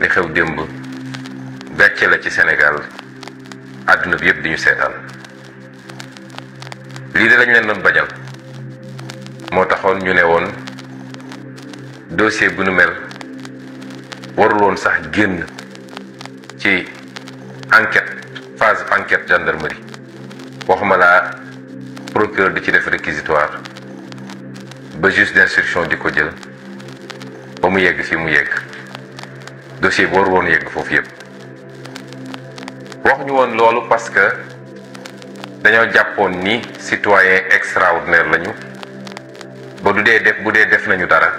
li xew démb gàcce la ci Sénégal àdduna bi yëpp di ñu seetaan lii de lañ leen doon bañal moo taxoon ñu ne woon dossier bu nu mel warul woon sax génn ci enquête phase enquête gendarmerie waxuma laa procureur di ci def réquisitoire ba juge d'instruction di ko jël ba mu yegg fii mu yegg dossier bor won yegg foofu yeb wax ñu won lolu parce que dañu jàppoon ni citoyen extraordinaire lañu ba du dé def bu dé def nañu dara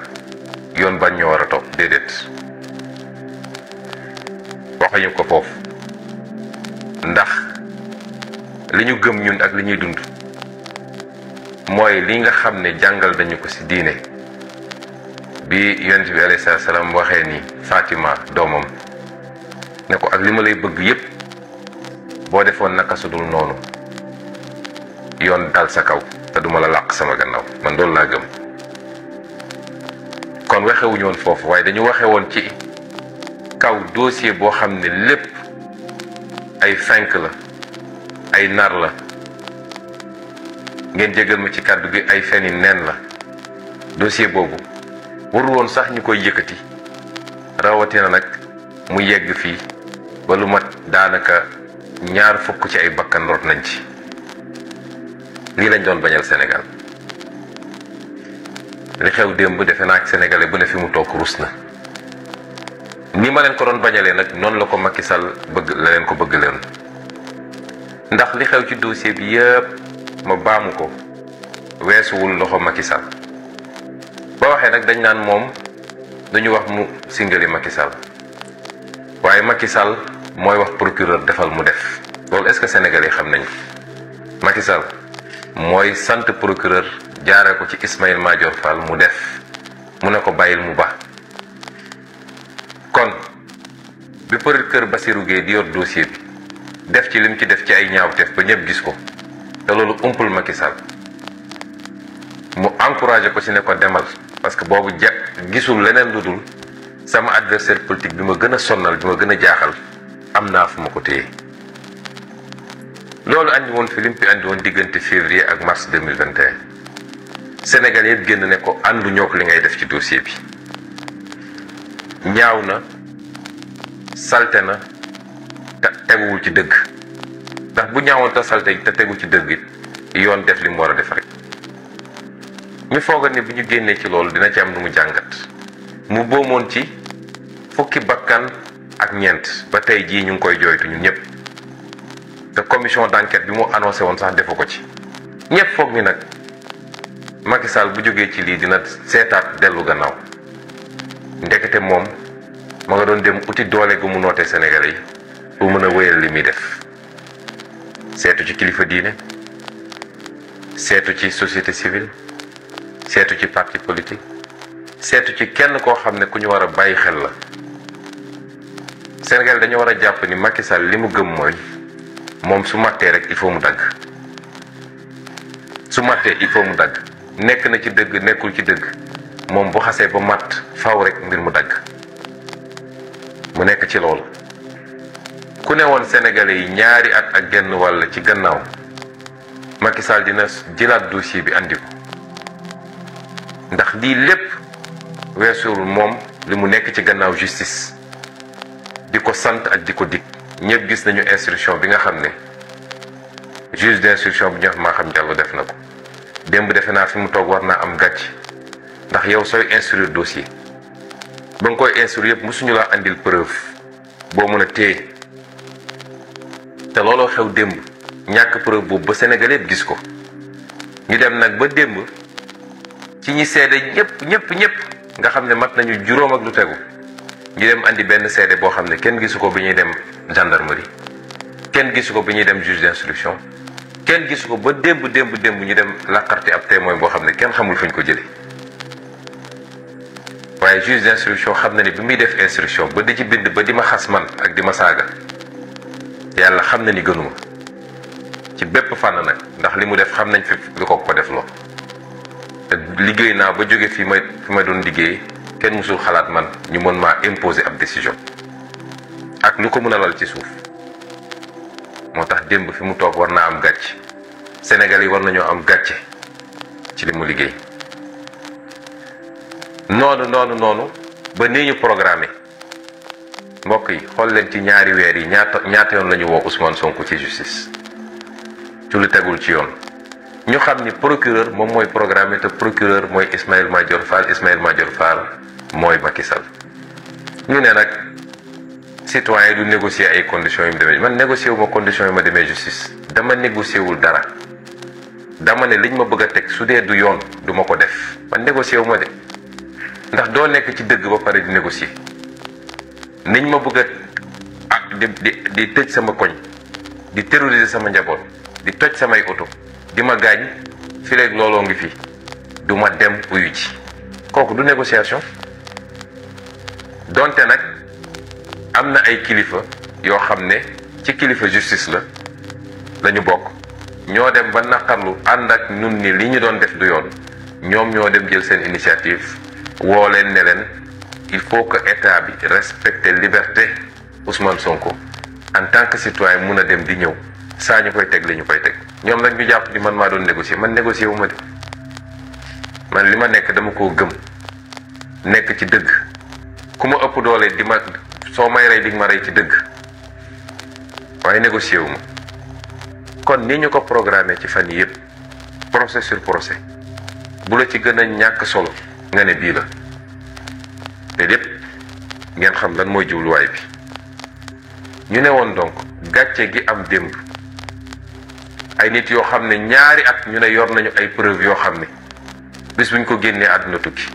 yoon bañ ñoo wara top topp déedéet waxuñu ko foofu ndax liñu gëm ñun ak liñuy dund moy li nga ne dañu ko ci diiné bi yoonte bi alayhi salam waxé ni Fatima doomam ne ko ak li ma lay bëgg yépp boo defoon naka su noonu yoon dal sa kaw te duma la làq sama gannaaw man loolu laa gëm kon waxewuñu woon foofu waaye dañu waxe woon ci kaw dossier boo xam ne lépp ay fenk la ay nar la ngeen jégal ma ci kàddu gi ay feni neen la dossier boobu warul woon sax ñu koy yëkkati na nak mu yegg fi ba lu mat danaka ñaar fukk ci ay bakkan rot nañ ci li lañ doon bañal senegal li xew demb defé nak senegalé bu ne fi mu tok rusna ni ma len ko doon bañalé nak non la ko Macky Sall bëgg la len ko bëgg leen ndax li xew ci dossier bi yépp ma baamu ko loxo Macky Sall ba waxé nak dañ nan mom dañu wax mu singali Macky Sall waaye Macky Sall mooy wax procureur defal mu def loolu est-ce que sénégalais xam nañu ko Macky Sall mooy sant procureur jaaree ko ci Ismaïla Madior Fall mu def mu ne ko bàyyil mu ba kon bi procureur Bassirou Guèye di yor dossier bi def ci lim ci def ci ay ñaawteef ba ñëpp gis ko te loolu umpul Macky Sall mu encouragé ko ci ne ko demal parce que boobu ja gisul leneen lu sama adversaire politique bi ma gën a sonnal bi ma gën a jaaxal am naa fu ma ko téye loolu andi woon fi lim fi andi woon diggante février ak mars 2021 Sénégal yëpp génn ne ko andu ñoo ko li ngay def ci dossier bi ñaaw na na te teguwul ci dëgg ndax bu ñaawoon te salté te tegu ci dëgg it yoon def li mu war def rek ñu foog ne bu ñu génnee ci loolu dina ci am lu mu jàngat mu boomoon ci fukki bakkan ak ñeent ba tey jii ñu ngi koy jooytu ñun ñëpp te commission d'enquête bi mu annoncé woon sax defu ko ci ñëpp foog ni nag Macky Sall bu jógee ci lii dina seetaat dellu gannaaw ndekete moom ma nga doon dem uti doole gu mu nootee Sénégalais yi pour mën a wéyal li muy def seetu ci kilifa diine seetu ci société civile seetu ci parti politique seetu ci kenn koo xam ne ku ñu war a bàyyi xel la Sénégal dañu war a jàpp ni Macky Sall li mu gëm mooy moom su mattee rek il faut mu dagg su mattee il faut mu dagg nekk na ci dëgg nekkul ci dëgg moom bu xasee ba matt faw rek mbir mu dagg mu nekk ci loolu ku ne woon Sénégalais yi ñaari at ak genn wàll ci gannaaw makisal dina jëlaat dossier bi andi ndax lii lépp weesuwul moom li mu nekk ci gannaaw justice di ko sant ak di ko dig ñëpp gis nañu instruction bi nga xam ne juge d'instruction bu ñox maa xam jàllu def na ko démb defe naa fi mu toog war naa am gàcc ndax yow sooy instruire dossier ba nga koy instruire yëpp mësuñu laa andil preuve boo mën a téye te looloo xew démb ñàkk preuve boobu ba Sénégal yëpp gis ko ñu dem nag ba démb ci ñi seede ñëpp ñëpp ñëpp nga xam ne mat nañu juróom ak lu tegu ñu dem andi benn seede boo xam ne kenn gisu ko bi ñuy dem gendarmerie kenn gisu ko bi ñuy dem juge d'instruction kenn gisu ko ba démb démb démb ñu dem làqarti ab témoin boo xam ne kenn xamul fu ñu ko jëlee waaye juge d'instruction xam na ni bi muy def instruction ba di ci bind ba di ma xas man ak di ma saaga yàlla xam na ni gënuma ci bépp fànn nag ndax li mu def xam nañ fi lu ko ko def loo liggéey naa ba jóge fi ma fi ma doon liggéey kenn mësul xalaat man ñu mën maa imposer ab décision ak lu ko mën a lal ci suuf moo tax démb fi mu toog war naa am gàcce Sénégal yi war nañoo am gàcce ci li mu liggéey noonu noonu noonu ba nii ñu programmé mbokk yi xool leen ci ñaari weer yi ñaat ñaata yoon la ñu woo Ousmane Sonko ci justice ci lu tegul ci yoon. ñu xamni procureur mom moy programme te procureur moy Ismaël Madior Fall Ismaël Madior Fall moy Macky Sall ñu ne nak citoyen du négocier ay conditions yu démé man négocier wu ma conditions yu ma démé justice dama négocier wul dara dama ne liñ ma bëgg a su dé du yoon du mako def man négocier wu ma dé ndax do nekk ci dëgg ba paré di négocier niñ ma bëgg ah, di di tëj sama koñ di terroriser sama njabot di toj samay auto di ma gaañ fi léegi looloo ngi fi du ma dem uyu ci kooku du négociation donte nag am na ay kilifa yoo xam ne ci kilifa justice la lañu bokk ñoo dem ba naqarlu ànd ak ñun ni li ñu doon def du yoon ñoom ñoo dem jël seen initiative woo leen ne leen il faut que état bi respecte liberté Ousmane Sonko en tant que citoyen mun a dem di ñëw saa ñu koy teg li ñu koy teg. ñom nak ñu japp ni man ma doon négocier man négocier wu ma di man lima nek dama ko gëm nek ci deug kuma ëpp doole di ma so may ray di ma ray ci deug way négocier wu ma kon ni ñu ko programmer ci fan yépp procès sur procès bu la ci gëna ñak solo nga ne bi la te lépp ngeen xam lan mooy way bi ñu néwon donc gatché gi am démb ay nit yo xamne ñaari at ñu ne yor nañu ay preuve yo xamne bis buñ ko génné aduna tukki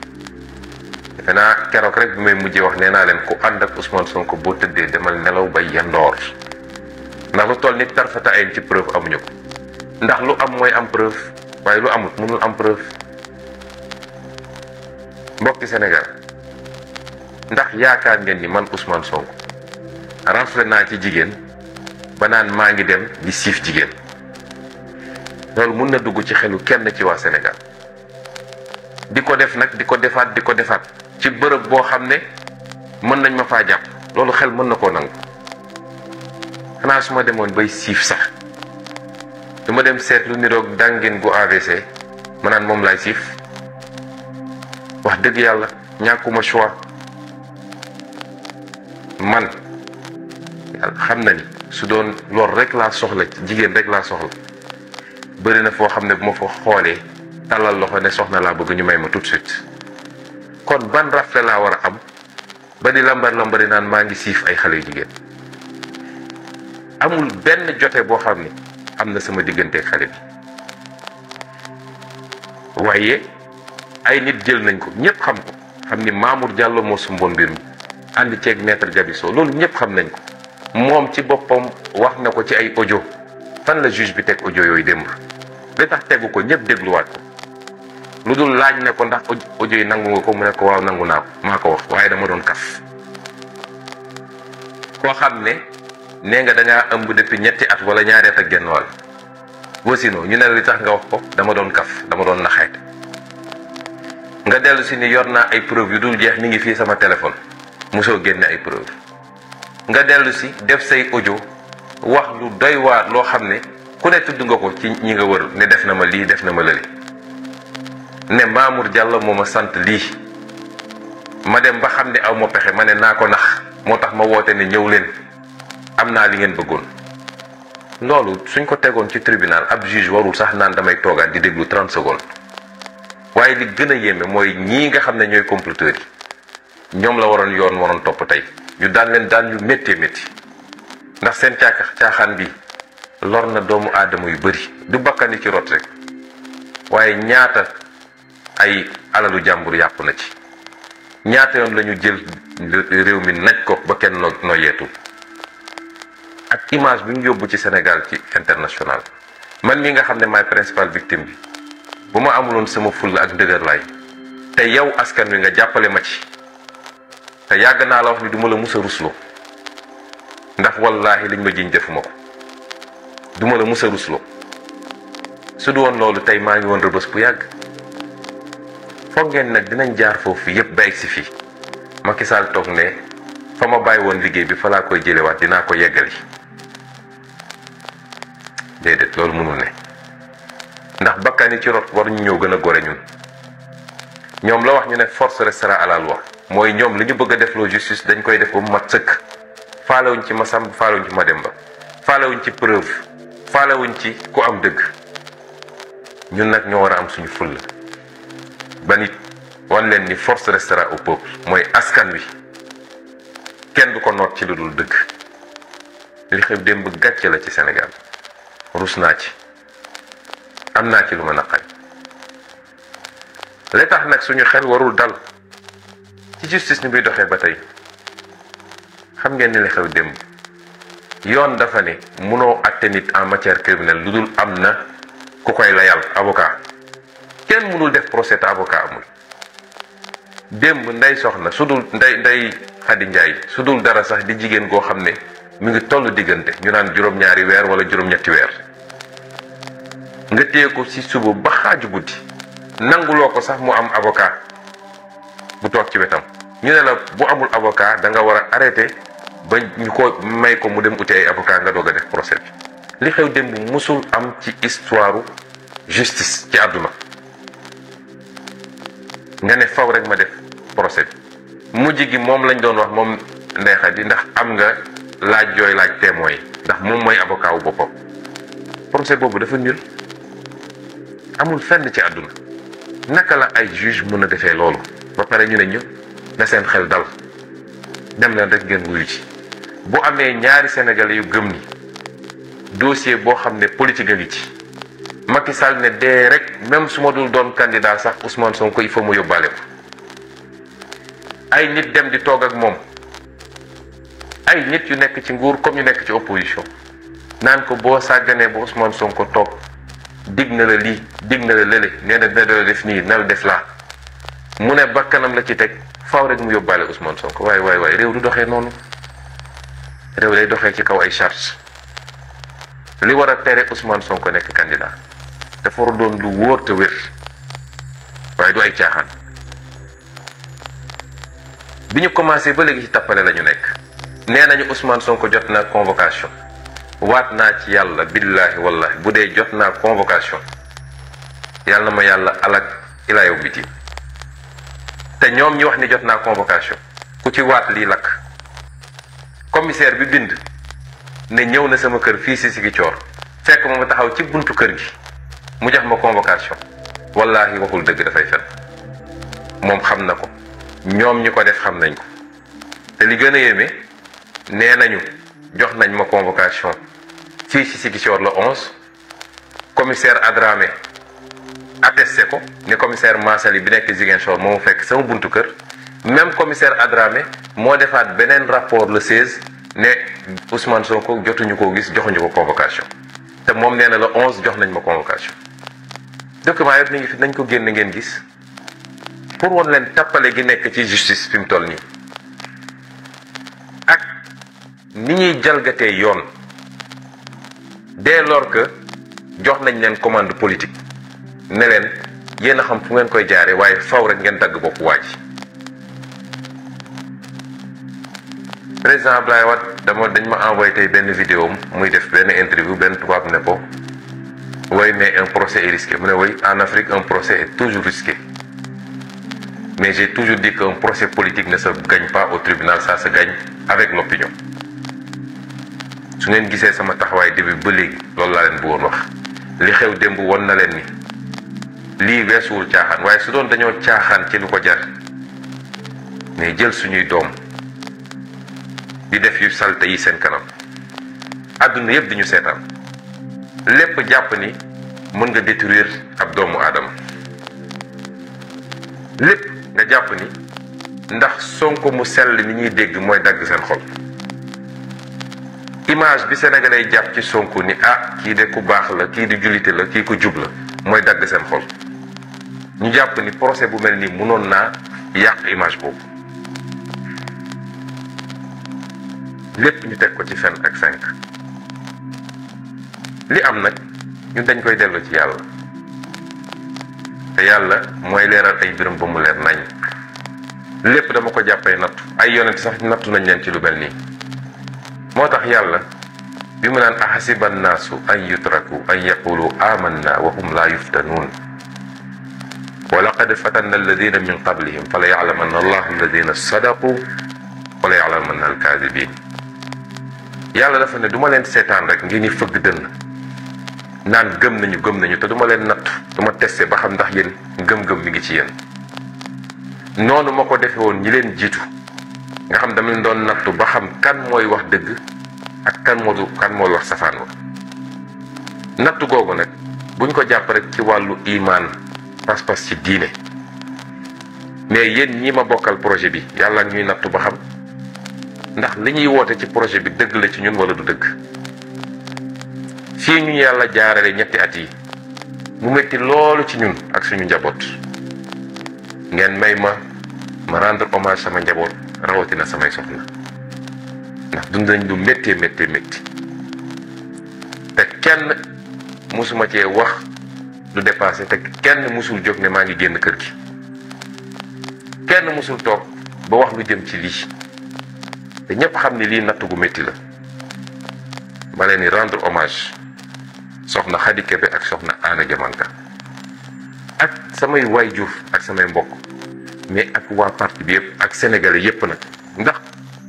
defe naa rek bu may mujjé wax néna len ku and ak Ousmane Sonko bo tëddee demal nelaw ba yandor ndax lu toll ni tarfata ay ci preuve amuñu ko ndax lu am moy am preuve waaye lu amut mënul am preuve mbokk Sénégal ndax yaakaar ngeen ni man Ousmane Sonko rafle na ci jigen banan maangi dem di sif jigen loolu mun na dugg ci xelu kenn ci waa senegal di ko def nag di ko defaat di ko defaat ci bërëb boo xam ne mën nañ ma faa jàpp loolu xel mën na koo nangu xanaa su ma demoon bay siif sax du dem seet lu niroog dàngin gu AVC ma naan moom laay siif wax dëgg yàlla ñàkkuma choix man yàlla xam na ni su doon loolu rek laa soxla jigéen rek laa soxla bëri na foo xam ne bu ma fa xoolee tàllal loxo ne soxna laa bëgg ñu may ma tout suite kon ban rafle laa war a am ba di lambar lambari naan maa ngi siif ay xale yu jigéen amul benn jote boo xam ne am na sama digganteeg xale bi waaye ay nit jël nañ ko ñëpp xam ko xam ni Mamour Diallo moo sumboon mbir mi ànd ceeg maître Gabiso loolu ñëpp xam nañ ko moom ci boppam wax na ko ci ay audio fan la juge bi teg ojo yooyu démb li tax tegu ko ñëpp dégluwaat ko lu dul laaj ne ko ndax audio yi nangu nga ko mu ne ko waaw nangu naa ko maa ko wax waaye dama doon kaf koo xam ne nee nga dangaa ëmb depuis ñetti at wala ñaari ak genn wàll boo ñu ne li tax nga wax ko dama doon kaf dama doon naxeet nga dellu si ni yor naa ay preuve yu dul jeex mi ngi fii sama téléphone mosoo génne ay preuve nga dellu si def say audio wax lu doy waar loo xam ne ku ne tudd nga ko ci ñi nga wër ne def na ma lii def na ma lële ne Mamour Diallo moo ma sant lii ma dem ba xam ne aw ma pexe ma ne naa ko nax moo tax ma woote ne ñëw leen am naa li ngeen bëggoon loolu suñ ko tegoon ci tribunal ab juge warul sax naan damay toogaat di déglu 30 secondes waaye li gën a yéeme mooy ñii nga xam ne ñooy comploteurs yi ñoom la waroon yoon waroon topp tey ñu daan leen daan yu méttee métti ndax seen caaxaan bi lor na doomu aadama yu bari du bakkani ci rot rek waaye ñaata ay alalu jàmbur yàqu na ci ñaata yoon la ñu jël réew mi naj ko ba kenn no noyeetu ak image bi ñu yóbbu ci senegal ci international man mi nga xam ne maay principal victime bi bu ma amuloon sama fulla ak dëgërlaay te yow askan wi nga jàppale ma ci te yàgg naa la wax ni du ma la mus a rusloo ndax wallaahi liñ ma jiñ defuma ko du ma la mus a su du woon loolu tey maa ngi woon rëbës bu yàgg foog ngeen nag dinañ jaar foofu yépp ba egsi fii Macky Sall toog ne fa ma bàyyi woon liggéey bi fa laa koy jëlewaat dinaa ko yeggali déedéet loolu mënul ne ndax bakkan yi ci rot waruñu ñëw gën a gore ñun ñoom la wax ñu ne force restera à la mooy ñoom li ñu bëgg a def loo justice dañ koy def ba mu mat sëkk faalewuñ ci Masamba faalewuñ ci Mademba faalewuñ ci preuve wuñ ci ku am dëgg ñun nag ñoo war a am suñu fulla ba nit wan ni force restera au peuple mooy askan wi kenn du ko noot ci lu dul dëgg li xew démb gàcce la ci Sénégal rus naa ci am naa ci lu ma naqari li tax nag suñu xel warul dal ci justice ni muy doxee ba tey xam ngeen ni li xew démb yoon dafa ne munoo atte nit en matière criminelle lu dul ku koy layal avocat Ken munul def procès ta avocat amul démb nday soxna su dul nday nday xadi njaay su dul dara sax di jigéen goo xam ne mi ngi toll diggante ñu naan juróom-ñaari weer wala juróom-ñetti weer nga téye ko ci suba ba xaaju guddi nanguloo ko sax mu am avocat bu toog ci wetam ñu ne la bu amul avocat da nga war arrêté ba ñu ko may ko mu dem uti ay avocat nga doog a def procès bi li xew démb musul am ci histoire justice ci àdduna nga ne faw rek ma def procès bi mujj gi moom lañ doon wax moom neexa di ndax am nga laaj jooy laaj témoin yi ndax moom mooy avocat wu boppam procès boobu dafa ñul amul fenn ci àdduna naka la ay juge mën a defee loolu ba pare ñu ne ñu na seen xel dal dem leen rek ngeen wuyu ci bu amee ñaari sénégalais yu gëm ni dossier boo xam ne politique a ngi ci Macky Sall ne dee rek même suma dul doon candidat sax Ousmane Sonko il faut mu yóbbaale ko ay nit dem di toog ak moom ay nit yu nekk ci nguur comme yu nekk ci opposition naan ko boo sàgganee ba Ousmane Sonko toog dig na la lii dig na la lële nee na dina la def nii na def laa mu ne bakkanam la ci teg faaw rek mu yóbbaale Ousmane Sonko waaye waay waaye réew du doxee noonu. réew lay doxee ci kaw ay charge li war a tere Ousmane Sonko nekk candidat dafa war a doon lu wóor te wér waaye du ay caaxaan bi ñu commencé ba léegi ci tappale la nekk nee nañu Ousmane Sonko jot na convocation waat naa ci yàlla billaahi wallahi bu dee jot naa convocation yàlla ma yàlla alak ilaa yow biti te ñoom ñi wax ni jot naa convocation ku ci waat lii lakk commissaire bi bind ne ñëw na sama kër fii si Ziguinchor fekk ma ma taxaw ci buntu kër gi mu jox ma convocation wallaahi waxul dëgg dafay fen moom xam na ko ñoom ñi ko def xam nañ ko te li gën a yéeme nee nañu jox nañ ma convocation fii si Ziguinchor le 11 commissaire Adramé attesté ko ne commissaire Massali bi nekk Ziguinchor moo mu fekk sama buntu kër. même commissaire Adramé moo defaat beneen rapport le 16 ne Ousmane Sonko jotuñu koo gis joxuñu ko convocation te moom nee na la 11 jox nañ ma convocation document yëpp mi nañ ko génn ngeen gis pour woon leen tappale gi nekk ci justice fi mu toll nii ak ni ñuy jalgatee yoon de lors que jox nañ leen commande politique ne leen yéen a xam fu ngeen koy jaare waaye faw rek ngeen dagg bopp waa ji président Ablaye wat dama dañ ma envoyé tay ben vidéo muy def ben interview ben tuba ne ko way mais un procès est risqué mune way en Afrique un procès est toujours risqué mais j'ai toujours dit qu'un procès politique ne se gagne pas au tribunal ça se gagne avec l'opinion su ngeen gisee sama taxawaay début ba léegi loolu laa leen bëggoon wax li xew démb won na leen ni lii weesuwul caaxaan waaye su doon dañoo caaxaan ci lu ko jar mais jël suñuy doom di def yu salte yi seen kanam àdduna yëpp dañu ñu seetaan lépp jàpp ni mën nga détruire ab doomu aadama lépp nga jàpp ni ndax Sonko mu sell ni ñuy dégg mooy dagg seen xol image bi sénégalais jàpp ci Sonko ni ah kii de ku baax la kii di julite la kii ku jub la mooy dagg seen xol ñu jàpp ni procès bu mel nii mënoon naa yàq image boobu lépp ñu teg ko ci fen ak fenk li am nag ñu dañ koy dellu ci yàlla te yàlla mooy leeral ay mbirum ba mu leer nañ lépp dama ko jàppee nattu ay yonent sax nattu nañ leen ci lu mel nii moo tax bi mu naan ahasiba annaasu an yutraku an yaqulu amanna wa hum laa yuftanuun wa laqad fatanna alladina min qablihim fa la yaclamanna allah alladina sadaqu wa la yaclamanna alkaadibin yàlla dafa ne duma leen seetaan rek ngeen ñi fëgg dënn naan gëm nañu gëm nañu te duma leen nattu du ma testé ba xam ndax yéen gëm-gëm mi ngi ci yéen noonu ma ko defe woon ñi leen jiitu nga xam dama leen doon nattu ba xam kan mooy wax dëgg ak kan moo du kan mooy wax safaan wa nattu googu nag buñ ko jàpp rek ci wàllu imaan pas-pas ci diine mais yéen ñi ma bokkal projet bi yàlla ñuy nattu ba xam ndax li ñuy woote ci projet bi dëgg la ci ñun wala du dëgg fii ñu yàlla jaarale ñetti at yi bu metti loolu ci ñun ak suñu njaboot ngeen may ma ma rendre commence sama njaboot rawatina samay soxna ndax dund nañ lu méttee méttee métti te kenn mosuma cee wax du dépassé te kenn mosul jóg ne maa ngi génn kër gi kenn mosul toog ba wax lu jëm ci lii. te ñëpp xam ni li natt gu metti la ma leen di rendre hommage soxna Khady kebe ak soxna ana jamanka ak samay juuf ak samay mbokk mais ak waa parti bi yëpp ak sénégalais yëpp nag ndax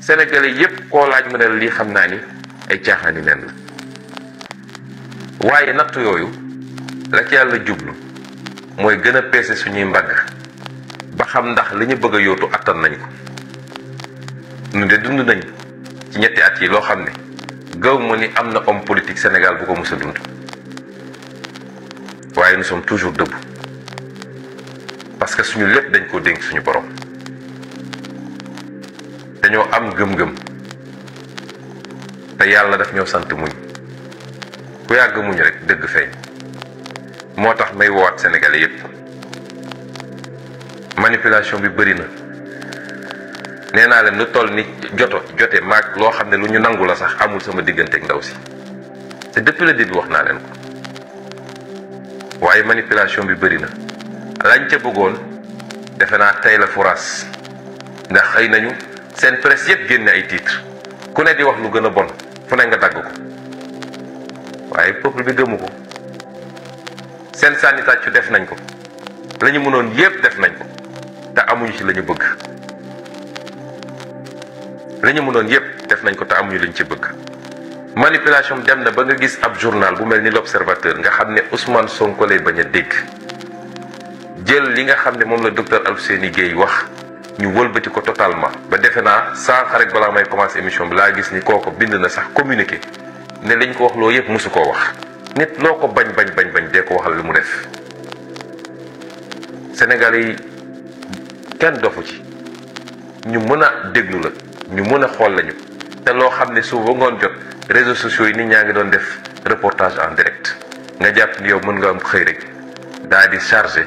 sénégalais yëpp koo laaj mu ne lii xam naa ni ay caaxaani neen la waaye natt yooyu la ci yàlla jublu mooy gën a peese suñuy mbagg ba xam ndax li bëgg a yóotu nañ ko ñun de dund nañ ci ñetti at yi loo xam ne gaw ma ni am na om politique Sénégal bu ko mos dund waaye nous sommes toujours debout parce que suñu lépp dañ koo dénk suñu borom dañoo am gëm-gëm te yàlla daf ñoo sant muñ ku yàgg muñ rek dëgg feeñ moo tax may woowaat Sénégalais yépp manipulation bi bëri na. nee naa leen lu toll ni joto jote maag loo xam ne lu ñu nangu la sax amul sama diggante ak ndaw si te depuis le début wax naa leen ko waaye manipulation bi bëri na lañ ca bëggoon defe naa tey la furaas ndax xëy nañu seen presse yëpp génne ay titre ku ne di wax lu gën a bon fu ne nga dagg ko waaye peuple bi gëmu ko seen sànni tàccu def nañ ko lañu mënoon yépp def nañ ko te amuñu ci la ñu bëgg lañu mënoon yépp def nañ ko te amuñu liñ ci bëgg manipulation dem na ba nga gis ab journal bu mel ni l'observateur nga xam ne Ousmane Sonko lay bañ a dégg jël li nga xam ne moom la docteur Alfousseyni Guèye wax ñu wëlbati ko totalement ba defe naa balaa may commencé émission bi laa gis ni kooko bind na sax communiqué ne liñ ko wax loo yëpp mosu koo wax nit loo ko bañ bañ bañ bañ dee ko waxal lu mu def Sénégalais yi kenn dofu ci ñu mën a la ñu mën a xool lañu te loo xam ne suuf ba ngoon jot réseaux sociaux yi nit ñaa ngi doon def reportage en direct nga jàpp ni yow mën nga am xëy rek daa di chargé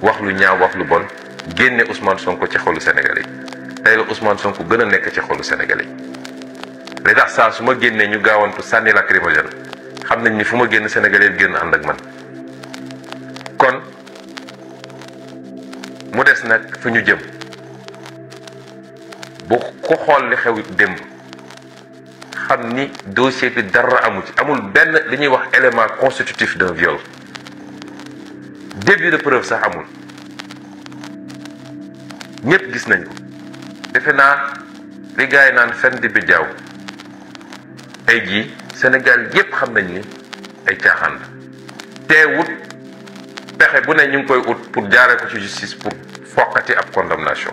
wax lu ñaaw wax lu bon génne Ousmane Sonko ci xolu Sénégalais yi tey la Ousmane Sonko gën a nekk ci xolu Sénégalais yi li saa su ma génnee ñu gaawantu sànni lacrymogène xam nañ ni fu ma génn Sénégalais génn ànd ak man kon mu des nag fu ñu jëm. bu ku xool li xew démb xam ni dossier bi dara amul ci amul benn li ñuy wax élément constitutif d'un viol début de preuve sax amul ñëpp gis nañ ko defe naa li gars yi naan fen di bi jaaw ay jii Sénégal yépp xam nañ ni ay caaxaan la teewut pexe bu ne ñu ngi koy ut pour jaaree ko ci justice pour foqati ab condamnation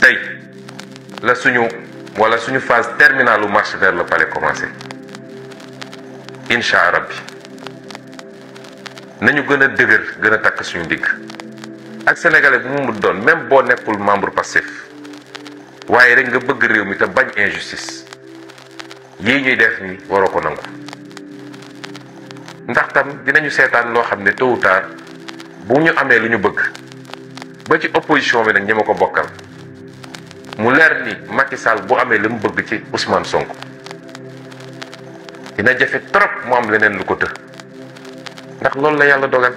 tey la suñu wala suñu phase terminale u marche vers le palais commencé incha rabbi nañu gën a dëgër gën a takk suñu digg ak sénégalais bu mu doon même boo nekkul membre passif waaye rek nga bëgg réew mi te bañ injustice yii ñuy def ni waroo ko nangu ndaxtam tam dinañu seetaan loo xam ne tôt bu ñu amee lu ñu bëgg ba ci opposition bi nag ñi ma ko bokkal mu leer ni Macky Sall bu amee li mu bëgg ci Ousmane Sonko dina jafe trop mu am leneen lu ko të ndax loolu la yàlla dogal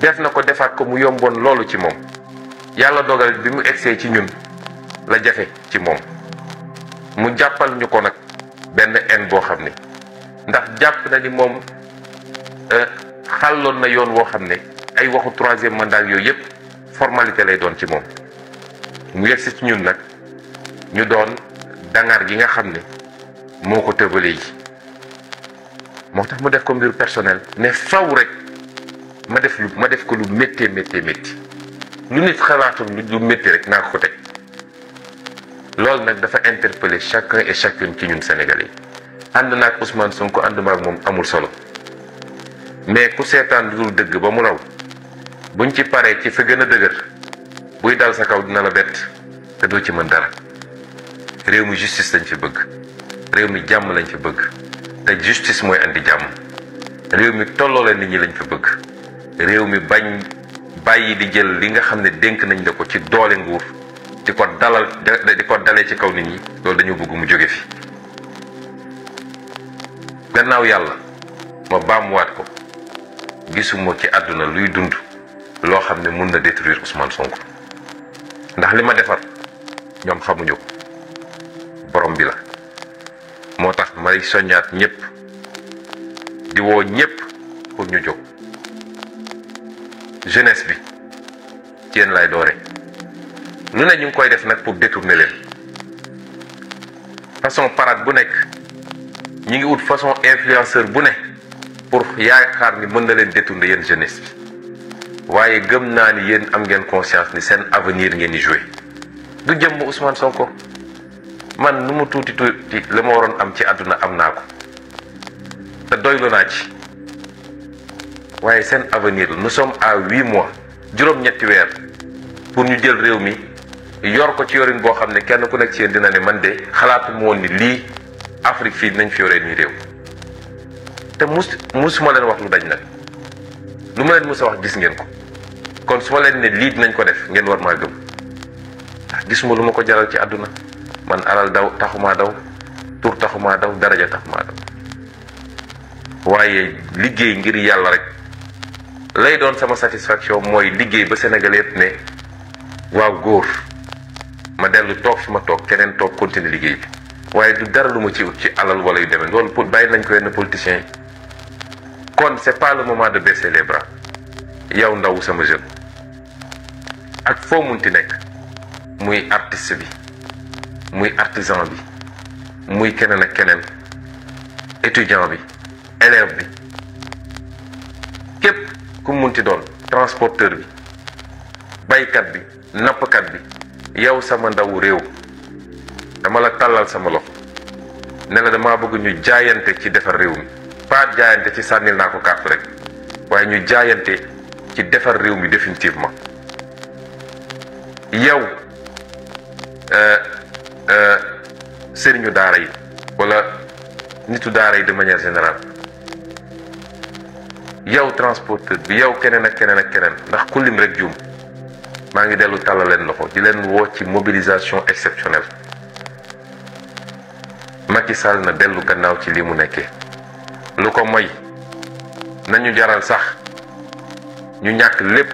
def na ko defaat ko mu yomboon loolu ci moom yàlla dogal bi mu egsee ci ñun la jafe ci moom mu jàppal ñu ko nag en boo xam ne ndax jàpp na ni moom euh, xàlloon na yoon woo xam ne ay waxu troisième mandat yooyu formalité lay doon ci moom Nous ci ñun nag ñu doon dangar gi nga xam ne moo ko tëbale personnel ne faw rek ma def lu ma def ko lu méttee méttee métti lu nit lu métti rek interpeller chacun et chacune ci ñun sénégalais Ousmane Sonko amul solo mais ku lu dëgg buy dal sa kaw dina la bett te doo ci mën dara réew mi justice lañ fi bëgg réew mi jàmm lañ fi bëgg te justice mooy andi jàmm réew mi tolloole nit ñi lañ fi bëgg réew mi bañ bàyyi di jël li nga xam ne dénk nañ la ko ci doole nguur di ko dalal ci kaw nit ñi loolu dañoo bëgg mu jóge fi gannaaw yàlla ma baamuwaat ko gisuma ci àdduna luy dund loo xam ne mun na détruire Ousmane sonk ndax li ma defar ñoom xamuñu borom bi la moo tax may soññaat ñëpp di woo ñëpp pour ñu jóg jeunesse bi ci yéen lay doore nu ne ñu ngi koy def nag pour détourner leen façon parade bu nekk ñi ngi wut façon influenceur bu ne pour yaakaar ni mën na leen détourner yenn jeunesse bi waaye gëm naa ni am ngeen conscience ni seen avenir ngeen ni du jëm Ousmane Sonko man nu mu tuuti tuuti la ma waroon am ci àdduna am naa te doylu ci avenir nous sommes à huit mois juróom-ñetti weer pour ñu jël réew mi yor ko ci yorin boo xam ne kenn ku nekk ci yéen dina de xalaatuma Afrique fii nañ fi yoree nii réew te mus wax lu ma leen mës a wax gis ngeen ko kon su ma leen ne lii nañ ko def ngeen war maa gëm ndax gisuma lu ma ko jaral ci àdduna man alal daw taxumaa daw tur taxumaa daw daraja taxumaa daw waaye liggéey ngir yàlla rek lay doon sama satisfaction mooy liggéey ba Sénégal yëpp ne waaw góor ma dellu toog fi ma toog keneen toog continuer liggéey bi waaye du dara lu ma ci ut ci alal wala yu demee loolu bàyyi nañ ko yenn politiciens yi kon c'est pas le moment de baisser les bras Yaw ndaw sama jeune ak fo munti nek. muy artiste bi muy artisan bi muy kenen ak kenen. étudiant bi élève bi Kep ku munti don. transporteur bi baykat bi Napkat bi Yaw sama ndaw rew. dama la talal sama loxo ne la dama bëgg ñu jaayante ci defar réew mi pas jaayante ci sànnil naa ko kàpp rek waaye ñu jaayante ci defar réew mi définitivement yow euh, euh, sëriñu daara yi wala nitu daara yi de manière générale yow transporteur bi yow keneen ak keneen ak keneen ndax ku rek juum maa ngi dellu tàllal leen loxo di leen woo ci mobilisation exceptionnelle Macky Sall na dellu gannaaw ci lii mu nekkee. lu ko moy nañu jaral sax ñu ñak lepp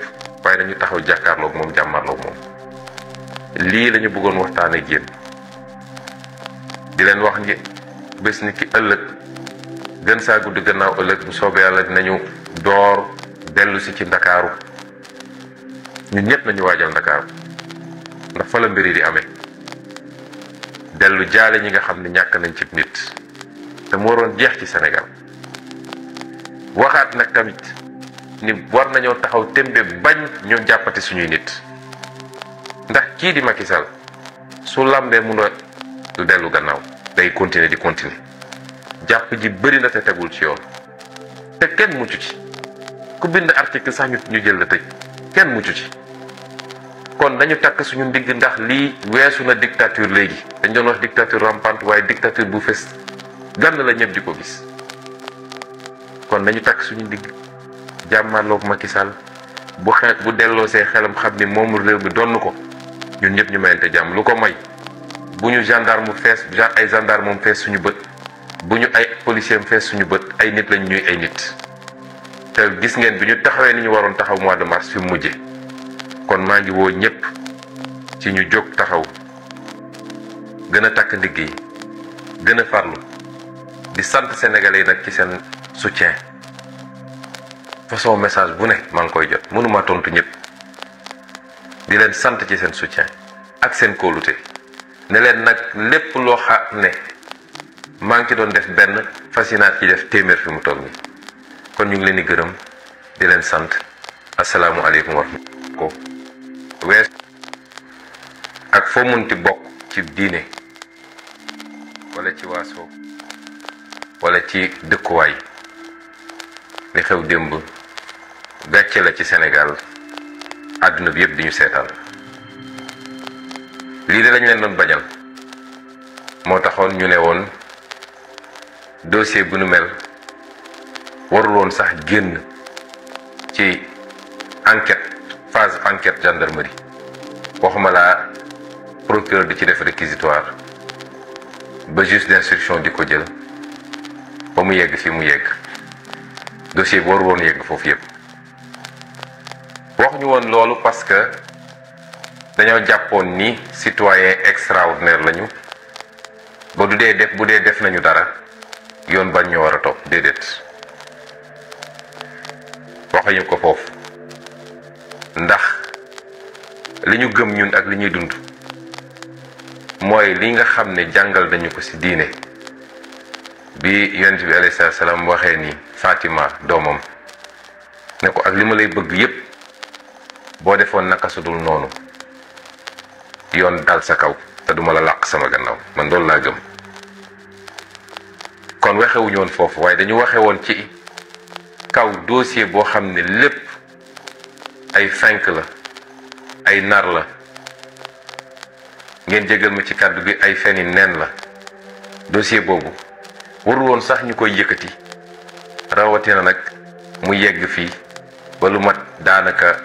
way nañu taxaw ak mom jamarlo mom li lañu bëggoon waxtaan ak yéen di leen wax ni bés ni ki ëlëk gën sa gudd gënaaw ëlëk bu soobé yalla nañu door delu si ci dakaru ñun ñëpp nañu waajal ndakaaru ndax fa la mbir di amé delu jaalé ñi nga xamni ñak nañ ci nit té mo jeex ci Sénégal waxat nak tamit ni war nañu taxaw tembe bañ ñu jappati suñuy nit ndax ki di Macky Sall su lambe mu no du delu gannaaw day continuer di continuer japp ji bëri na te tagul ci yoon te kenn mucc ci ku bind article sax ñu ñu jël la tej kenn mucc ci kon dañu tak suñu ndax li wessu na dictature legi dañ doon wax dictature rampante waaye dictature bu fess gann la ñepp diko gis kon nañu takk suñu digg jàmmarloog Macky Sall bu xel bu delloosee xelam xam ni moomu réew mi donn ko ñun ñëpp ñu mayante jàmm lu ko may bu ñu gendarme fees ay gendarme moom fees suñu bët bu ñu ay policier mu fees suñu bët ay nit lañ ñuy ay nit te gis ngeen bi ñu taxawee ni ñu waroon taxaw mois de mars fi mu mujje kon maa ngi woo ñëpp ci ñu jóg taxaw gën a takk ndigg yi gën a farlu di sant sénégalais yi nag ci seen soutien façon message bu ne maa koy jot mënuma tontu ñep di len sant ci sen soutien ak seen kóolute ne len nag lepp lo xam ne maa ngi ci doon def ben fasinaat ci def témer fi mu togn kon ñu ngi di di sant wa ko wees ak foo munti bok ci diiné wala ci waso wala ci dëkkuwaay li xew démb gàcce la ci Sénégal àdduna bi yëpp di ñu seetaan lii de lañu leen doon bañal moo taxoon ñu ne woon dossier bu nu mel warul woon sax génn ci enquête phase enquête gendarmerie waxuma laa procureur di ci def réquisitoire ba juge d'instruction di ko jël ba mu yegg fii mu yegg dossier bi won yegg fofu yeb wax ñu won lolu parce que dañu jàppoon ni citoyen extraordinaire lañu ba du dee def bu dee def nañu dara yoon bañ ñu wara top topp wax ñu ko fofu ndax liñu gëm ñun ak liñuy dund moy li nga xam jangal dañu ko ci diiné bi yonent bi alayhi salaam waxee ni Fatima doomam ne ko ak li ma lay bëgg yépp boo defoon naka su noonu yoon dal sa kaw te duma la làq sama gannaaw man loolu laa gëm kon waxewuñu woon foofu waaye dañu waxe woon ci kaw dossier boo xam ne lépp ay fenk la ay nar la ngeen jégal ma ci kàddu bi ay feni neen la dossier boobu warul won sax ñukoy yëkëti rawati na nak mu yegg fi ba lu mat daanaka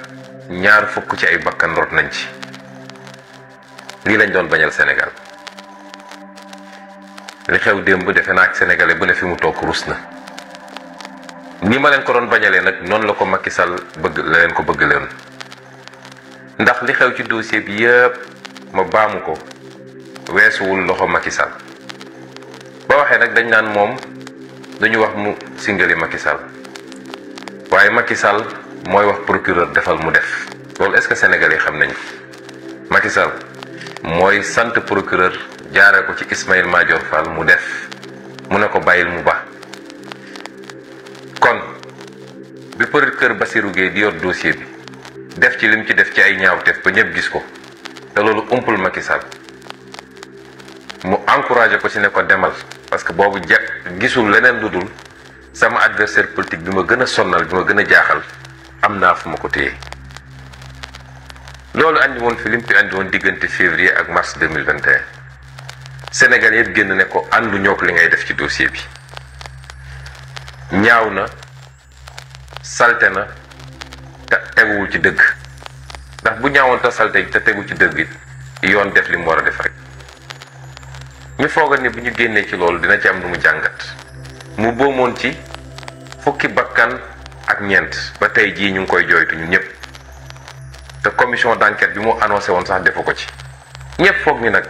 ñaar fukk ci ay bakkan rot nañ ci li lañ doon bañal Sénégal li xew demb defé nak sénégalais bu ne fi mu tok rusna ni ma len ko doon bañalé nak non la ko Macky Sall bëgg la len ko bëgg leen ndax li xew ci dossier bi yépp ma wessuul loxo Macky Sall waxe nak dañ nan mom dañu wax mu singali Macky Sall waye Macky Sall moy wax procureur defal mu def lol est-ce que sénégalais xam nañ Macky Sall moy sante procureur jaaré ko ci Ismaïla Madior Fall mu def mu ne ko bayil mu ba kon bi procureur Bassirou Gueye di yor dossier bi def ci lim ci def ci ay def ba ñepp gis ko te umpul Macky Sall mu encourager ko ci ne ko demal parce que bobu gisul leneen dudul sama adversaire politique bi ma gën sonnal bi ma gën jaaxal amna fu mako ko téye andi won fi lim fi andi won digënté février ak mars 2021 Sénégal yépp génn ne ko andu ñok li ngay def ci dossier bi ñaawna na na ta teguwul ci dëgg ndax bu ñaawon ta salte ta tegu ci dëgg it yoon def li mu wara def rek ñu foogoon ni bu ñu génnee ci loolu dina ci am lu mu jàngat mu boomoon ci fukki bakkan ak ñeent ba tey jii ñu ngi koy jooytu ñun ñëpp te commission d'enquête bi mu annoncé woon sax defu ko ci ñëpp foog ni nag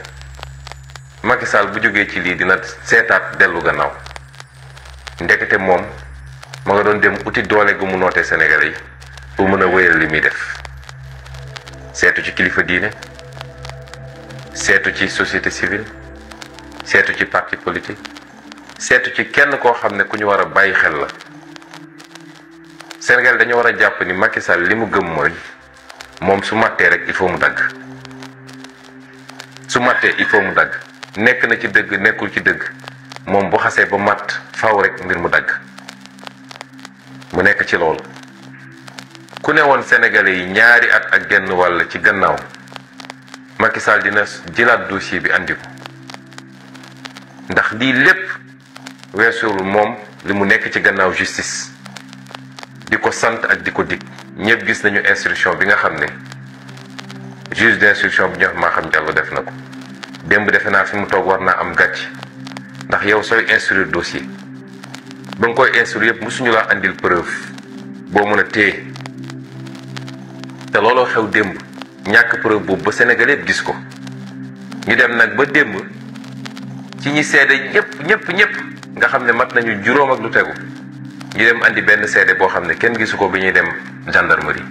Macky Sall bu jógee ci lii dina seetaat dellu gannaaw ndekete moom ma nga doon dem uti doole gu mu nootee Sénégalais yi pour mën a wéyal li muy def seetu ci kilifa diine seetu ci société civile seetu ci parti politique seetu ci kenn koo xam ne ku ñu war a bàyyi xel la Sénégal dañu war a jàpp ni Macky Sall li mu gëm mooy moom su mattee rek il faut mu dagg su mattee il faut mu dagg nekk na ci dëgg nekkul ci dëgg moom bu xasee ba matt faw rek mbir mu dagg mu nekk ci loolu ku ne woon Sénégalais yi ñaari at ak genn wàll ci gannaaw Macky Sall dina jilaat dossier bi andi ndax lii lépp weesuwul moom li mu nekk ci gannaaw justice di ko sant ak di ko dig ñëpp gis nañu instruction bi nga xam ne juge d'instruction bi ñu wax maa xam jàll def na ko démb defe naa fi mu toog war naa am gàcc ndax yow sooy instruire dossier ba nga koy instruire yëpp mosuñu laa andil preuve boo mën a téye te looloo xew démb ñàkk preuve boobu ba Sénégal gis ko ñu dem nag ba démb ci ñi seede ñëpp ñëpp ñëpp nga xam ne mat nañu juróom ak lu tegu ñu dem andi benn seede boo xam ne kenn gisu ko bi ñuy dem gendarmerie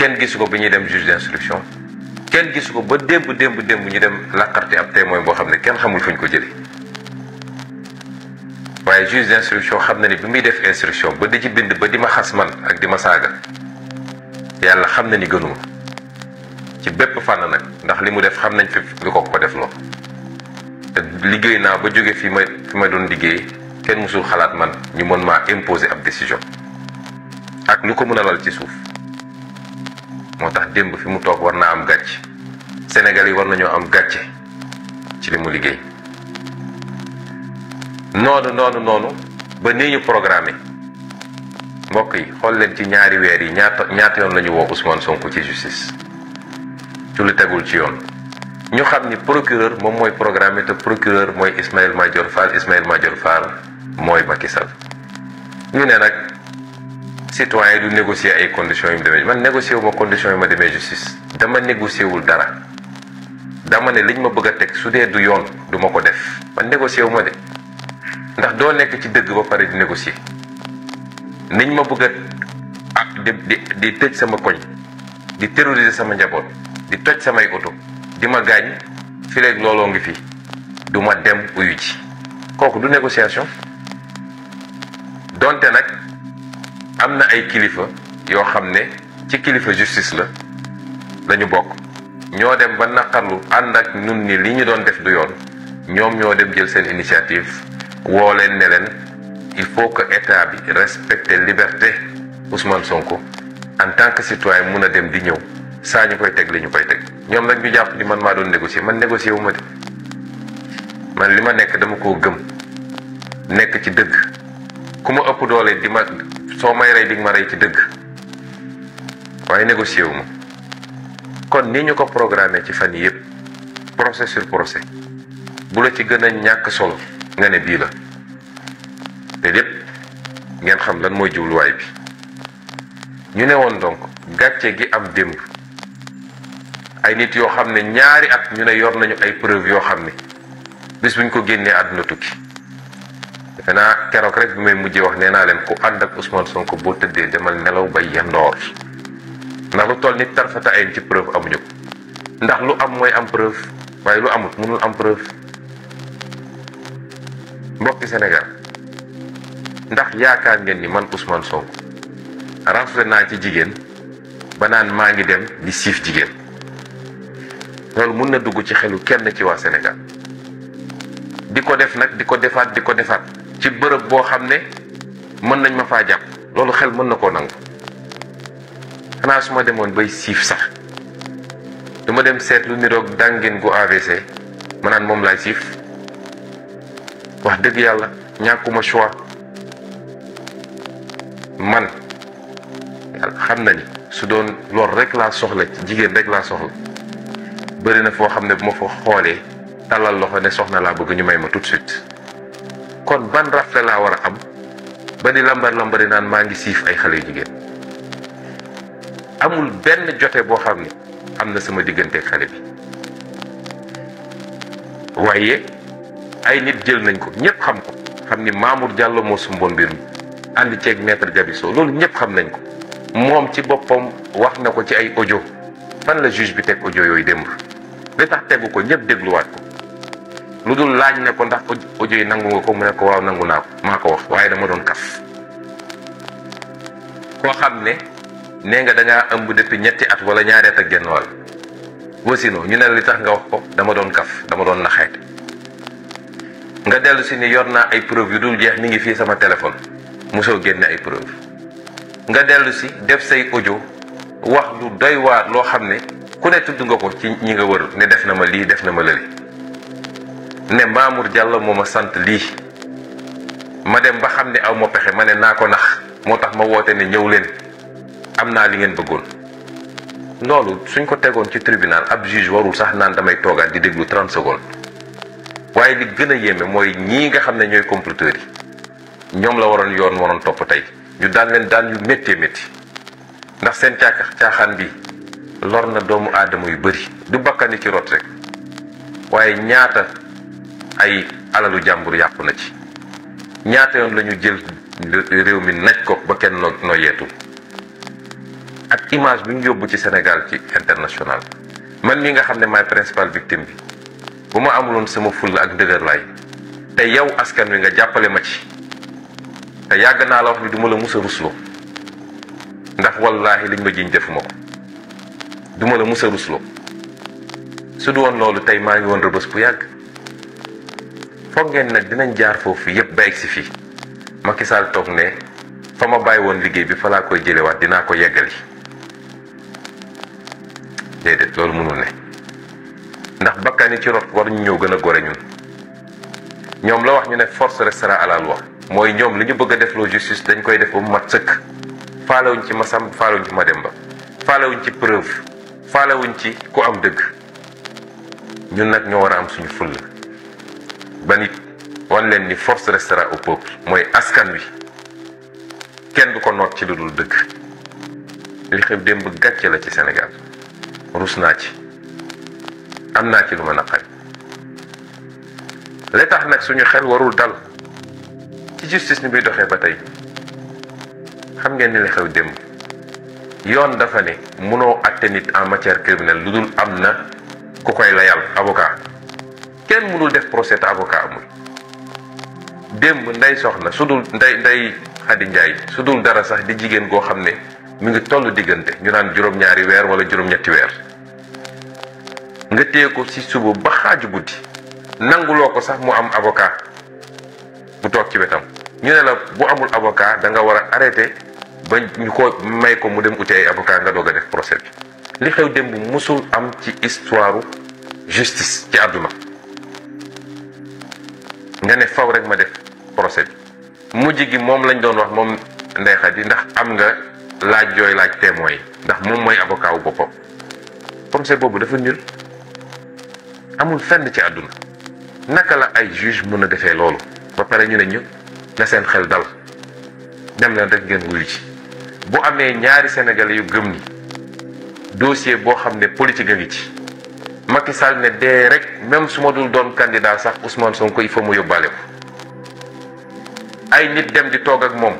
kenn gisu ko bi ñuy dem juge d'instruction kenn gisu ko ba démb démb démb ñu dem làqarte ab témoin boo xam ne kenn xamul fu ñu ko jëlee waaye juge d'instruction xam na ni bi muy def instruction ba di ci bind ba di ma xas man ak di ma saaga yàlla xam na ni gënuma ci bépp fànn nag ndax li mu def xam nañ fi lu ko def loolu te liggéey naa ba jóge fi ma fi ma doon liggéey kenn mësul xalaat man ñu mën maa imposer ab décision ak lu ko mën a lal ci suuf moo tax démb fi mu toog war naa am gàcce Sénégal yi war nañoo am gàcce ci li mu liggéey noonu noonu noonu ba nii ñu programmé mbokk yi xool leen ci ñaari weer yi ñaat ñaata yoon la ñu woo Ousmane Sonko ci justice ci lu tegul ci yoon. ñu xamni ni procureur mom moy programme te procureur moy Ismaël Madior Fall Ismaël Madior Fall moy Macky Sall ñu né nak citoyen du négocier ay conditions yu mu demee man négocier wu ma conditions yu ma démé justice dama négocier wul dara dama né liñ ma bëgg tek su dé du yoon du ma def man négocier wu ma dé ndax do nekk ci dëgg ba paré di négocier niñ ma bëgg ah, di di tej sama koñ di terroriser sama njabot di toj ay auto di ma gaañ fi léegi looloo ngi fi du dem uyu ci kooku du négociation donte nag am na ay kilifa yoo xam ne ci kilifa justice la lañu bokk ñoo dem ba naqarlu ànd ak nun ni li ñu doon def du yoon ñoom ñoo dem jël seen initiative woo leen ne leen il faut que état bi respecte liberté Ousmane Sonko en tant que citoyen mun a dem di ñëw saa ñu koy teg li ñu koy teg ñoom nag bi jàpp ni man maa doon négocier man négocier wu ma man li ma nekk dama ko gëm nekk ci dëgg ku ma ëpp doole di ma soo may rey di ma rey ci dëgg waaye négocier ma kon ni ñu ko programmé ci fan yëpp procès sur procès bu la ci gën a ñàkk solo nga ne bii la te lépp ngeen xam lan mooy jubluwaay bi ñu ne woon donc gàcce gi am démb ay nit yoo xam ne ñaari at ñu ne yoon nañu ay preuve yoo xam ne bis buñ ko génnee àdduna tukki defe naa keroog rek bi may mujjee wax nee naa leen ku ànd ak Ousmane Sonko boo tëddee demal nelaw ba yandoor ndax lu toll nit tarfata ayam ci preuve amuñu ko ndax lu am mooy am preuve waaye lu amut mënul am preuve mbokki Sénégal ndax yaakaar ngeen ni man Ousmane Sonko rafle naa ci jigéen ba naan maa ngi dem di siif jigéen loolu mun na dugg ci xelu kenn ci waa senegal di ko def nag di ko defaat di ko defaat ci bërëb boo xam ne mën nañ ma faa jàpp loolu xel mën na koo nangu xanaa su ma demoon bay siif sax du dem seetlu niroog dàngin gu AVC ma moom laay siif wax dëgg yàlla ñàkkuma choix man yàlla xam na ni su doon loolu rek laa soxla jigéen rek laa soxla bëri na foo xam ne bu ma fa xoolee tàllal loxo ne soxna laa bëgg ñu may ma tout de suite kon ban rafle laa war a am ba di lambar lambari naan maa ngi siif ay xale yu jigéen amul benn jote boo xam ne am na sama digganteeg xale bi waaye ay nit jël nañ ko ñëpp xam ko xam ni Mamour Diallo moo sumboon mbir mi ànd ceeg maître Diabiso loolu ñëpp xam nañ ko moom ci boppam wax na ko ci ay audio fan la juge bi teg ojo yooyu démb. li tax tegu ko deglu wat ko lu dul ne ko ndax o jey nangu ko mu ne ko waaw nangu ko wax waye dama don kaf ko xamne ne da nga ëmb depuis ñetti at wala ñaari at ak genn ñu ne li tax nga wax ko dama don kaf dama don naxeet nga delu si ni yorna ay preuve yu dul jeex ni ngi fi sama téléphone mosoo genn ay preuve nga delu si def say audio wax lu doy waat lo xamne ku ne tudd nga ko ci ñi nga wër ne def na ma lii def na ma lële ne Mamour Diallo moo ma sant lii ma dem ba xam ne aw ma pexe ma ne naa ko nax moo tax ma woote ne ñëw leen am naa li ngeen bëggoon loolu suñ ko tegoon ci tribunal ab juge warul sax naan damay toogaat di déglu 30 secondes waaye li gën a yéeme mooy ñii nga xam ne ñooy comploteurs yi ñoom la waroon yoon waroon topp tey ñu daan leen daan yu méttee métti ndax seen caaxaan bi lor na doomu aadama yu bëri du bakkani ci rot rek waaye ñaata ay alalu jàmbur yàqu na ci ñaata yoon la ñu jël réew mi naj ko ba kenn noo ak image bi ñu yóbbu ci senegal ci international man mi nga xam ne maay principal victime bi bu ma amuloon sama fulla ak ndëgërlaay te yow askan wi nga jàppale ma ci te yàgg naa la wax ni du ma la mus a rusloo ndax wallaahi liñ ma jiñ defuma ko du ma la musa rusloo su du woon loolu tey maa ngi woon rëbës bu yàgg foog ngeen nag dinañ jaar foofu yépp ba egsi fii ki Sall toog ne fa ma bàyyi woon liggéey bi fa laa koy jëlewaat dinaa ko yeggali déedéet loolu mënul ne ndax bakkan yi ci rot war ñu ñëw gën a gore ñun ñoom la wax ñu ne force restera à la mooy ñoom li ñu bëgg a def loo dañ koy def ba mu mat sëkk faalewuñ ci masam faalewuñ ci mademba faalewuñ ci preuve wuñ ci ku am dëgg ñun nag ñoo war a am suñu fulla ba nit wan leen ni force restera au peuple mooy askan wi kenn du ko noot ci lu dul dëgg li xew démb gàcce la ci Sénégal rus naa ci am naa ci lu ma naqari li tax nag suñu xel warul dal ci justice ni muy doxee ba tey xam ngeen ni li xew démb yoon dafa ne mënoo àtte nit en matière criminelle lu dul am na ku koy layal avocat kenn mënul def procès te avocat amul démb nday soxna su dul nday nday Xadi Njaay su dul dara sax di jigéen goo xam ne mu ngi toll diggante ñu naan juróom-ñaari weer wala juróom-ñetti weer nga ko ci suba ba xaaju guddi nanguloo ko sax mu am avocat bu toog ci wetam ñu ne la bu amul avocat da nga war a arrêté ba ñu ko may ko mu dem uti ay avocat nga doog a def procès bi li xew démb musul am ci histoire justice ci àdduna nga ne faw rek ma def procès bi mujj gi moom lañ doon wax moom Ndeye yi ndax am nga laaj jooy laaj témoin yi ndax moom mooy avocat wu boppam procès boobu dafa nul amul fenn ci àdduna naka la ay juge mën a defee loolu ba pare ñu ne ñu na seen xel dal dem leen rek ngeen wuyu ci bu amee ñaari sénégalais yu gëm ni dossier boo xam ne politique a ngi ci Macky Sall ne dee rek même su ma dul doon candidat sax Ousmane Sonko il faut mu yóbbaale ko ay nit dem di toog ak moom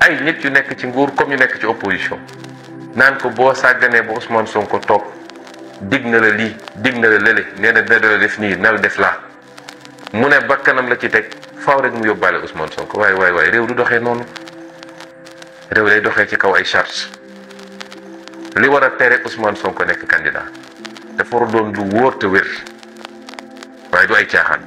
ay nit yu nekk ci nguur comme yu nekk ci opposition naan ko boo sàgganee ba Ousmane Sonko toog dig na la lii dig na la lële nee na dina la def nii na la def laa mu ne kanam la ci teg faaw rek mu yóbbaale Ousmane Sonko waaye waaye waaye réew du doxee noonu. rew lay doxé ci kaw ay charge li wara téré Ousmane Sonko nek candidat dafa for doon du wóor te wér waaye du ay tiaxan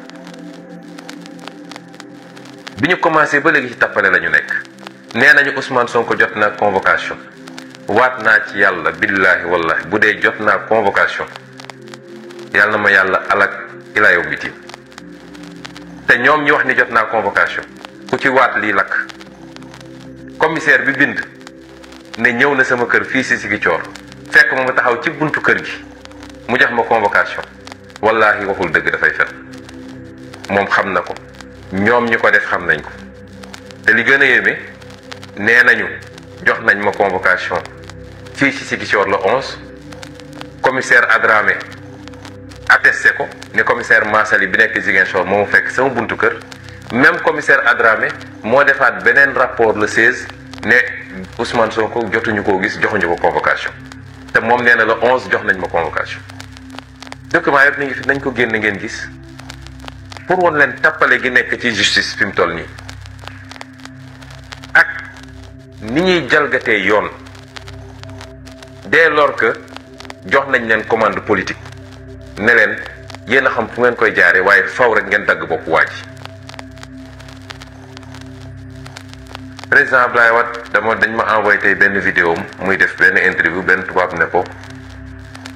biñu commencé ba légui ci tapalé la nek nekk nañu Ousmane Sonko jot na convocation Wat na ci yalla wallah. wallahi budé jot na convocation Yalla ma yalla alak ila yow bitim te ñom ñi wax ni jot na convocation ku ci wat li lak commissaire bi bind ne ñëw na sama kër fii si Ziguinchor fekk ma ma taxaw ci buntu kër gi mu jox ma convocation wallaahi waxul dëgg dafay fen moom xam na ko ñoom ñi ko def xam nañ ko te li gën a yéeme nee nañu jox nañ ma convocation fii si Ziguinchor le 11 commissaire Adramé attesté ko ne commissaire Massali bi nekk Ziguinchor moo mu fekk sama buntu kër même commissaire Adramé moo defaat beneen rapport le 16 ne Ousmane ko jotuñu koo gis joxuñu ko convocation te moom nee na la onze jox nañ ma convocation document yëpp nañ ko génn ngeen gis pour woon leen tappale gi nekk ci justice fi mu toll nii ak ni ñuy jalgatee yoon dès lors que jox nañ leen commande politique ne leen yéen a xam fu ngeen koy jaaree waaye faw rek ngeen dagg bopp waa ji président Ablaye Wade dama dañ ma envoyé tey benn vidéo muy def benn interview benn tubaab ne ko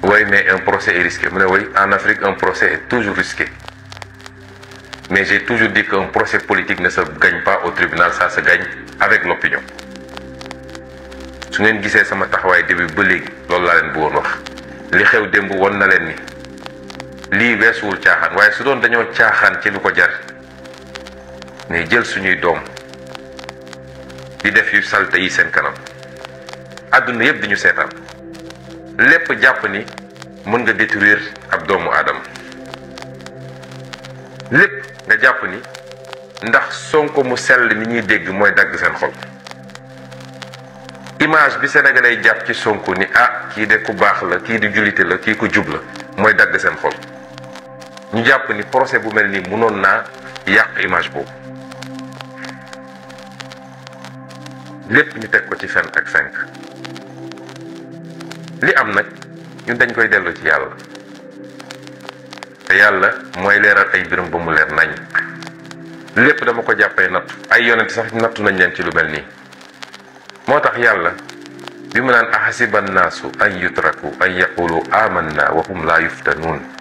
way mais un procès est risqué mu ne way en Afrique un procès est toujours risqué mais j'ai toujours dit qu'un procès politique ne se gagne pas au tribunal ça se gagne avec l'opinion su ngeen gisee sama taxawaay début ba léegi loolu laa leen bëggoon wax li xew démb won na leen ni lii weesuwul caaxaan waaye su doon dañoo caaxaan ci lu ko jar mais jël suñuy doom di def yu salte yi seen kanam àdduna yëpp di ñu seetaan lépp jàpp ni mën nga détruire ab doomu aadama lépp nga jàpp ni ndax sonk mu sell ni ñuy dégg mooy dagg seen xol image bi Sénégalais jàpp ci sonk ni ah kii de ku baax la kii di julite la kii ku jub la mooy dagg seen xol ñu jàpp ni procès bu mel nii mënoon naa yàq image boobu lépp ñu teg ko ci fenn ak fenk li am nag ñun dañ koy dellu ci yàlla te yàlla mooy leeral ay biram ba mu leer nañ lépp dama ko jàppee nattu ay yonent sax nattu nañ leen ci lu mel nii moo tax yàlla bi mu naan yutraku an yaqulu amanna wa hum la yuftanuun